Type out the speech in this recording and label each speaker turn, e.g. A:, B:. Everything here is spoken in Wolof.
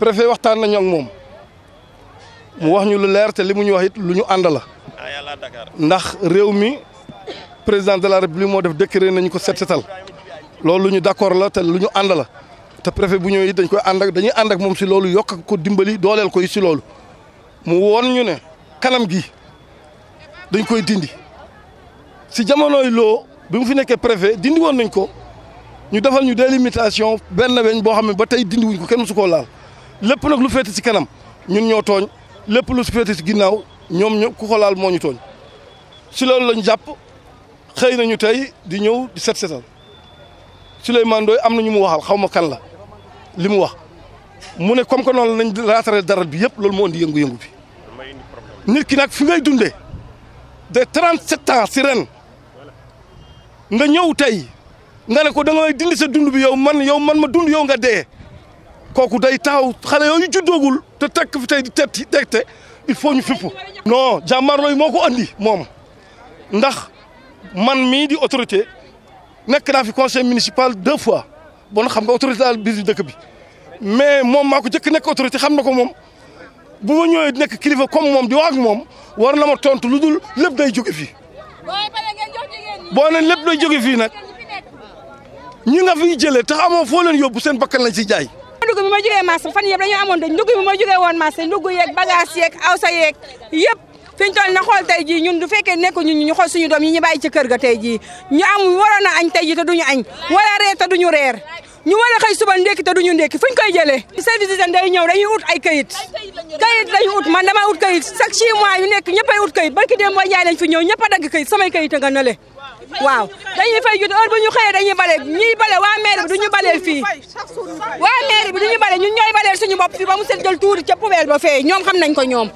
A: préfet waxtaan nañu ak moom mu wax ñu lu leer te limu ñu wax it lu ñu ànd la ndax rew mi président de la république mo def décret nañ ko set setal loolu lu ñu d'accord la te lu ñu ànd la te préfet bu ñëwee it dañ koy and ak dañuy and ak moom si loolu yok ko dimbali dolel ko ci loolu mu woon ñu ne kanam gi dañ koy dindi si jamonoy loo bi mu fi nekké préfet dindi won nañ ko ñu defal ñu délimitation benn weñ bo xamné ba tay dindi wuñ ko kenn su ko laal lepp nak lu fete ci kanam ñun ñoo togn lepp lu fete ci ginnaw ñom ñoo ku ko laal moo ñu tooñ si loolu lañ jàpp xëy nañu di ñew di set setal Souleymane Ndoye am na ñu mu waxal xawma kan la limu wax mu ne comme que non lañu raatare daral bi yépp loolu mo indi yëngu-yëngu fi nit ki nak fi ngay dundé de 37 ans ci ren nga ñew tay nga ne ko da ngay dindi sa dund bi yow man yow man ma dund yow nga dee kooku day taaw xale yooyu juddoogul te tekk fi tey di tetti tegte il faut ñu fipp non jàmmaarloo yi moo ko andi moom ndax man mii di autorité nekk naa fi conseil municipal deux fois bon xam nga autorité daal biir dëkk bi mais moom maa ko jëkk nekk autorité xam na ko moom bu ma di nekk kilifa comme moom di wax ak moom war na ma tontu lu dul lépp day jóge fii boo ne lépp day jóge fii nag ñi nga fiy jëlee tax amoo foo leen yóbbu seen bakkan lañ si jaay
B: ndugg bi ma jógee marché fan yëpp dañoo amoon dëj ndugg bi ma jógee woon marché ndugg yeeg bagage yeeg awsa yeeg yëpp fi ñu na xool tey jii ñun du fekkee nekku ñu ñu xool suñu doom yi ñu bàyyi ci kër ga tey jii ñu am waroon a añ tey ji te duñu añ wala reer te duñu reer ñu war a xëy suba ndékki te duñu ndékki fuñ koy jëlee service d'hygiène day ñëw dañuy ut ay kayit kayit lañu ut man damay ut kayit chaque six nekk yu nekk ñëppay ut kayit barki dem boo jaay lañ fi ñëw ñëpp a dagg kayit samay kayit a nga nale waaw dañuy fay jot heure ñu xëyee dañuy bale ñuy bale waa maire bi duñu balee fii waa maire bi bale ñun ñooy suñu bopp fi ba mu set jël tuuri ca poubelle ba fee ñoom xam nañ ko ñoom